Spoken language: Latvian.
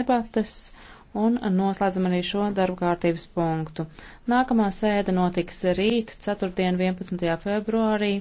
debates un noslēdzam arī šo darbu kārtības punktu. Nākamā sēde notiks rīt, ceturtdien 11. februārī.